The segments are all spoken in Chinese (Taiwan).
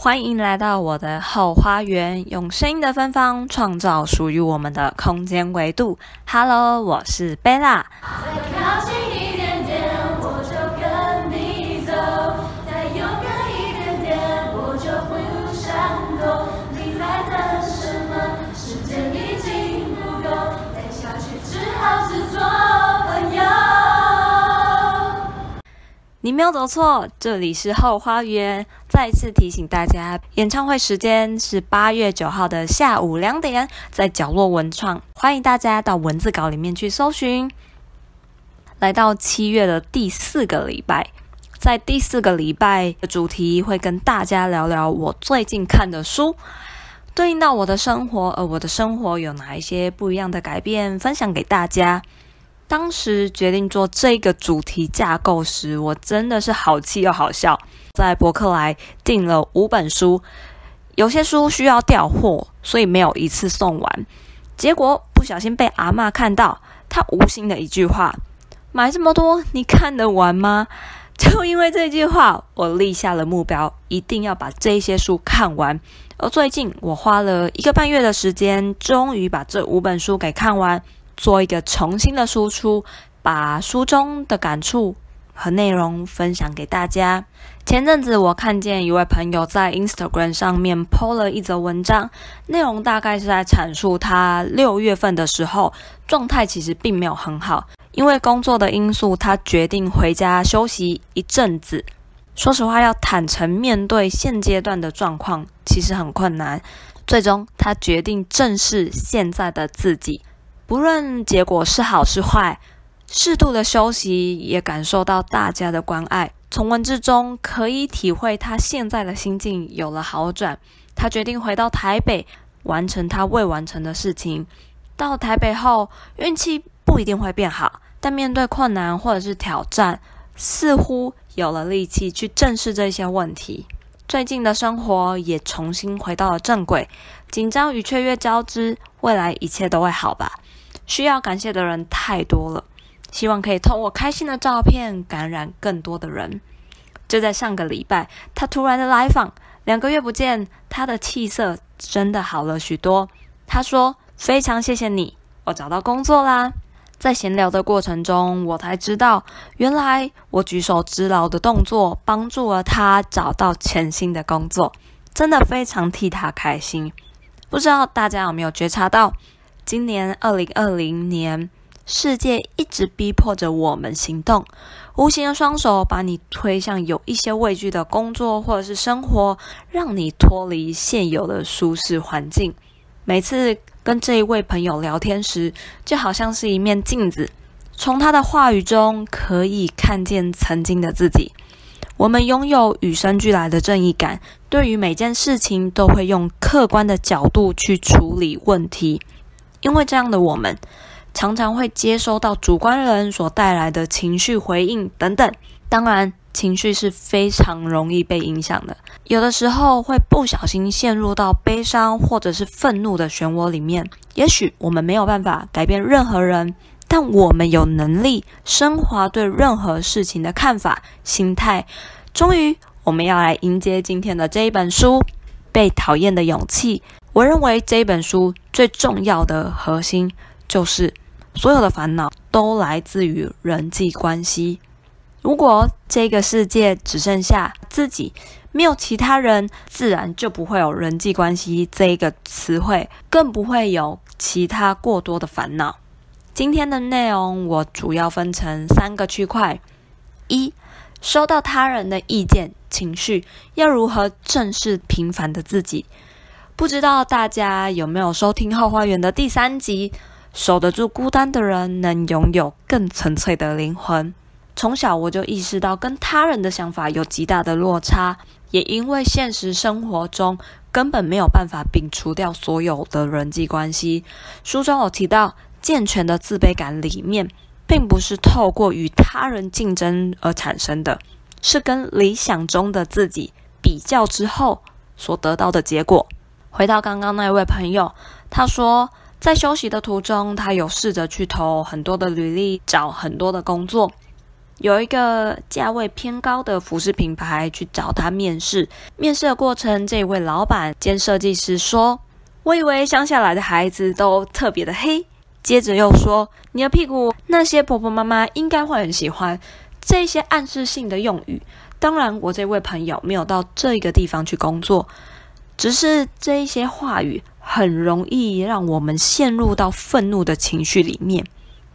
歡迎來到我的後花園，用聲音的芬芳創造屬於我們的空間維度。Hello，我是 Bella。你沒有走錯，這裡是後花園。再次提醒大家，演唱會時間是八月九號的下午兩點，在角落文創。歡迎大家到文字稿裡面去搜尋。來到七月的第四個禮拜，在第四個禮拜的主題會跟大家聊聊我最近看的書，對應到我的生活，而我的生活有哪一些不一樣的改變，分享給大家。當時決定做這個主題架構時，我真的是好氣又好笑。在博客來訂了五本書，有些書需要調貨，所以沒有一次送完。結果不小心被阿嬤看到，她無心的一句話：“買這麼多，你看得完嗎？”就因為這句話，我立下了目標，一定要把這些書看完。而最近，我花了一個半月的時間，終於把這五本書給看完。做一個重新的輸出，把書中的感觸和內容分享給大家。前陣子我看見一位朋友在 Instagram 上面 po 了一則文章，內容大概是在闡述他六月份的時候狀態其實並沒有很好，因為工作的因素，他決定回家休息一陣子。說實話，要坦誠面對現階段的狀況其實很困難。最終，他決定正視現在的自己。不論結果是好是壞，適度的休息也感受到大家的關愛。從文字中可以體會他現在的心境有了好轉。他決定回到台北，完成他未完成的事情。到台北後，運氣不一定會變好，但面對困難或者是挑戰，似乎有了力氣去正視這些問題。最近的生活也重新回到了正軌，緊張與雀躍交織，未來一切都會好吧。需要感謝的人太多了，希望可以透過我開心的照片感染更多的人。就在上個禮拜，他突然的來訪，兩個月不見，他的氣色真的好了許多。他說：“非常謝謝你，我找到工作啦！”在閒聊的過程中，我才知道，原來我舉手之勞的動作幫助了他找到全新的工作，真的非常替他開心。不知道大家有沒有覺察到？今年二零二零年，世界一直逼迫着我們行動，無形的雙手把你推向有一些畏懼的工作或者是生活，讓你脫離現有的舒適環境。每次跟這一位朋友聊天時，就好像是一面鏡子，從他的話語中可以看見曾經的自己。我們擁有與生俱來的正義感，對於每件事情都會用客觀的角度去處理問題。因為這樣的我們，常常會接收到主觀人所帶來的情緒回應等等。當然，情緒是非常容易被影響的，有的時候會不小心陷入到悲傷或者是憤怒的漩渦裡面。也許我們沒有辦法改變任何人，但我們有能力升華對任何事情的看法、心態。終於，我們要來迎接今天的這一本書——《被討厭的勇氣》。我認為這本書最重要的核心就是，所有的煩惱都來自於人際關係。如果這個世界只剩下自己，沒有其他人，自然就不會有人際關係這個詞彙，更不會有其他過多的煩惱。今天的內容我主要分成三個區塊：一、收到他人的意見、情緒，要如何正視平凡的自己。不知道大家有沒有收聽《後花園》的第三集？守得住孤單的人，能擁有更純粹的靈魂。從小我就意識到，跟他人的想法有極大的落差，也因為現實生活中根本沒有辦法摒除掉所有的人際關係。書中我提到，健全的自卑感裡面，並不是透過與他人競爭而產生的，是跟理想中的自己比較之後所得到的結果。回到剛剛那位朋友，他說，在休息的途中，他有試着去投很多的履歷，找很多的工作。有一個價位偏高的服飾品牌去找他面試，面試的過程，這一位老板兼設計師說：“我以為鄉下來的孩子都特別的黑。”接着又說：“你的屁股，那些婆婆媽媽應該會很喜歡。”這些暗示性的用語，當然，我這位朋友沒有到這個地方去工作。只是這一些話語很容易讓我們陷入到憤怒的情緒裡面，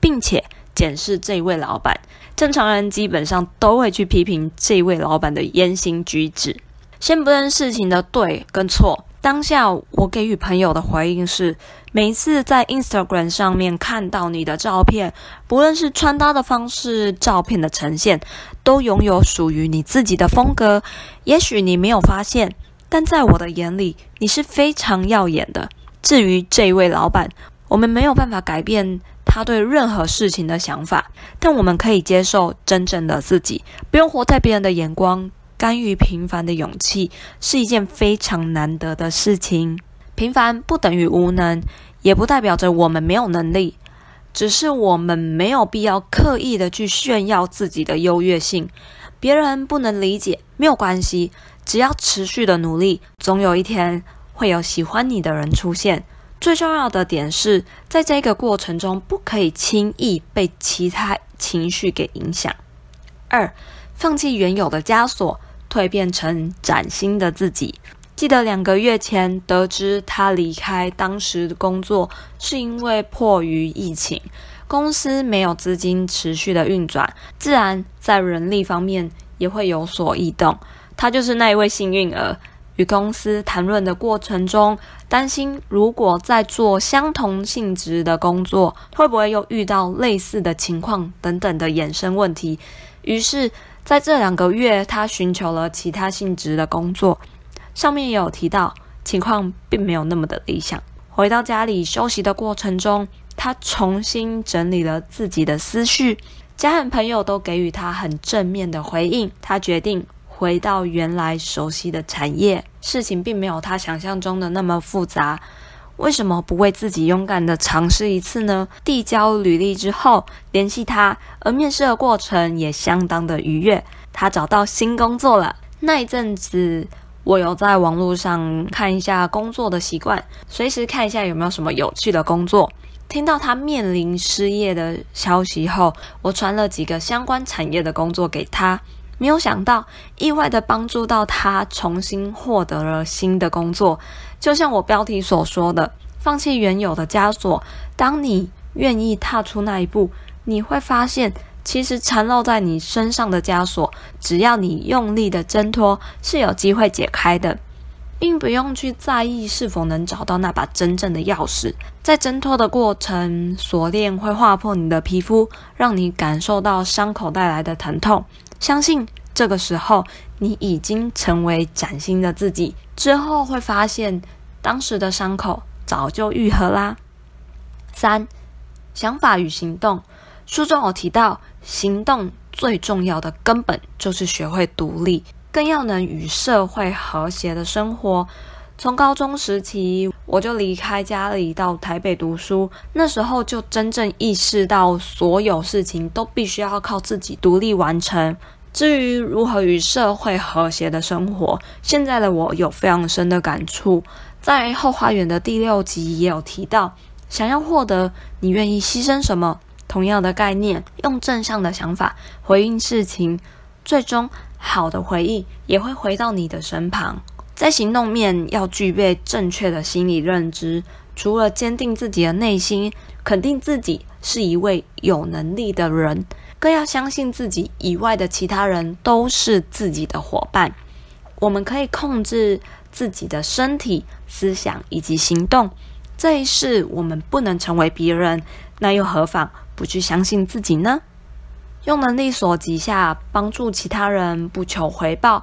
並且檢視這位老板。正常人基本上都會去批評這位老板的言行舉止。先不論事情的對跟錯，當下我給予朋友的回應是：每一次在 Instagram 上面看到你的照片，不論是穿搭的方式、照片的呈現，都擁有屬於你自己的風格。也許你沒有發現。但在我的眼裡，你是非常耀眼的。至於這位老闆，我們沒有辦法改變他對任何事情的想法，但我們可以接受真正的自己，不用活在別人的眼光。甘於平凡的勇氣是一件非常難得的事情。平凡不等於無能，也不代表着我們沒有能力，只是我們沒有必要刻意的去炫耀自己的優越性。別人不能理解，沒有關係。只要持續的努力，總有一天會有喜歡你的人出現。最重要的點是在這個過程中，不可以輕易被其他情緒給影響。二，放棄原有的枷鎖，蛻變成嶄新的自己。記得兩個月前得知他離開當時的工作是因為迫於疫情，公司沒有資金持續的運轉，自然在人力方面也會有所異動。他就是那一位幸運兒。與公司談論的過程中，擔心如果再做相同性質的工作，會不會又遇到類似的情況等等的衍生問題。於是，在這兩個月，他尋求了其他性質的工作。上面也有提到，情況並沒有那麼的理想。回到家裡休息的過程中，他重新整理了自己的思緒。家人朋友都給予他很正面的回應。他決定。回到原來熟悉的產業，事情並沒有他想象中的那麼複雜。為什麼不為自己勇敢的嘗試一次呢？遞交履歷之後，聯繫他，而面試的過程也相當的愉悅。他找到新工作了。那一陣子，我有在網絡上看一下工作的習慣，隨時看一下有沒有什麼有趣的工作。聽到他面臨失業的消息後，我傳了幾個相關產業的工作給他。沒有想到，意外的幫助到他重新獲得了新的工作。就像我標題所說的，放棄原有的枷鎖。當你願意踏出那一步，你會發現，其實纏繞在你身上的枷鎖，只要你用力的掙脫，是有機會解開的，並不用去在意是否能找到那把真正的鑰匙。在掙脫的過程，鎖鏈會劃破你的皮膚，讓你感受到傷口帶來的疼痛。相信這個時候你已經成為嶄新的自己，之後會發現當時的傷口早就癒合啦。三，想法與行動。書中有提到，行動最重要的根本就是學會獨立，更要能與社會和諧的生活。從高中時期，我就離開家裡到台北讀書，那時候就真正意識到，所有事情都必須要靠自己獨立完成。至於如何與社會和諧的生活，現在的我有非常深的感觸，在後花園的第六集也有提到，想要獲得，你願意犧牲什麼？同樣的概念，用正向的想法回應事情，最終好的回憶也會回到你的身旁。在行動面要具備正確的心理認知，除了堅定自己的內心，肯定自己是一位有能力的人。更要相信自己以外的其他人都是自己的伙伴。我們可以控制自己的身體、思想以及行動。這一世我們不能成為別人，那又何妨不去相信自己呢？用能力所及下幫助其他人，不求回報，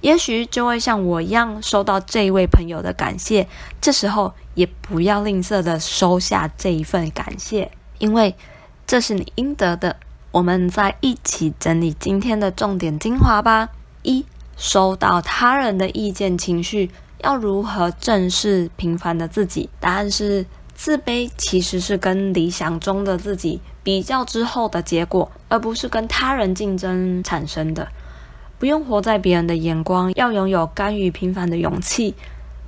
也許就會像我一樣收到這一位朋友的感謝。這時候也不要吝嗇的收下這一份感謝，因為這是你應得的。我們再一起整理今天的重點精華吧。一，收到他人的意見、情緒，要如何正視平凡的自己？答案是，自卑其實是跟理想中的自己比較之後的結果，而不是跟他人競爭產生的。不用活在別人的眼光，要擁有甘於平凡的勇氣。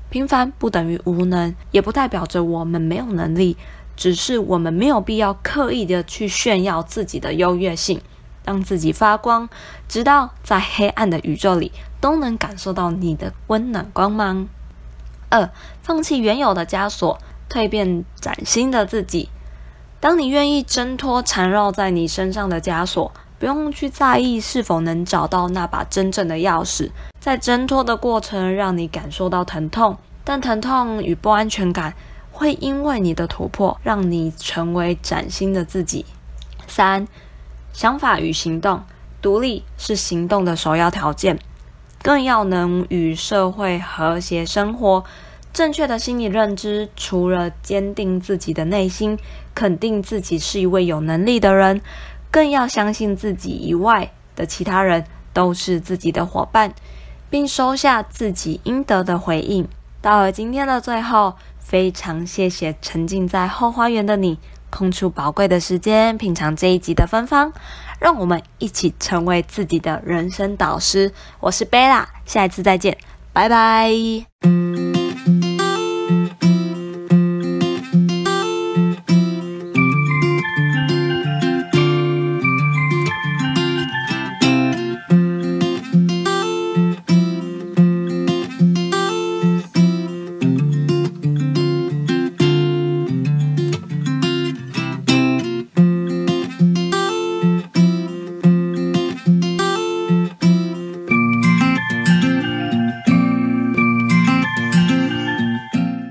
平凡不等於無能，也不代表着我們沒有能力。只是我們沒有必要刻意的去炫耀自己的優越性，讓自己發光，直到在黑暗的宇宙裡都能感受到你的溫暖光芒。二，放棄原有的枷鎖，蛻變嶄新的自己。當你願意掙脫纏繞在你身上的枷鎖，不用去在意是否能找到那把真正的鑰匙，在掙脫的過程讓你感受到疼痛，但疼痛與不安全感。會因為你的突破，讓你成為嶄新的自己。三、想法與行動。獨立是行動的首要條件，更要能與社會和諧生活。正確的心理認知，除了堅定自己的內心，肯定自己是一位有能力的人，更要相信自己以外的其他人都是自己的夥伴，並收下自己應得的回應。到了今天的最後。非常謝謝沉浸在 Hoo 花園的你，空出寶貴的時間，品嘗這一集的芬芳，讓我們一起成為自己的人生導師。我是 Bella，下一次再見，拜拜。